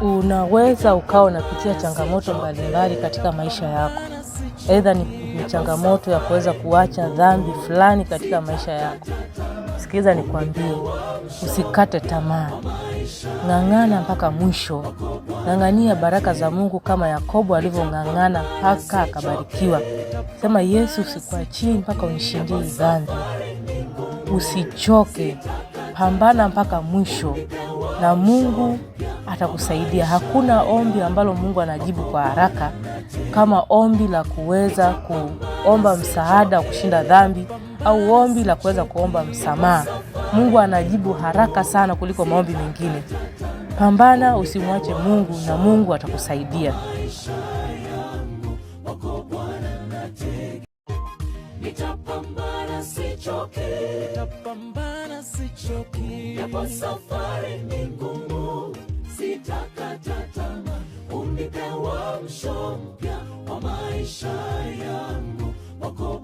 unaweza ukawa unapitia changamoto mbalimbali katika maisha yako, aidha ni, ni changamoto ya kuweza kuacha dhambi fulani katika maisha yako. Sikiza nikwambie, usikate tamaa, ng'ang'ana mpaka mwisho. Ng'ang'ania baraka za Mungu kama Yakobo alivyong'ang'ana mpaka akabarikiwa. Sema Yesu, usikuachii mpaka unishindie dhambi. Usichoke, pambana mpaka mwisho na Mungu atakusaidia. Hakuna ombi ambalo Mungu anajibu kwa haraka kama ombi la kuweza kuomba msaada wa kushinda dhambi au ombi la kuweza kuomba msamaha. Mungu anajibu haraka sana kuliko maombi mengine. Pambana, usimwache Mungu na Mungu atakusaidia. Nitapambana sichoki, nitapambana sichoki, yapo safari Nipe uamsho wa maisha yangu, wako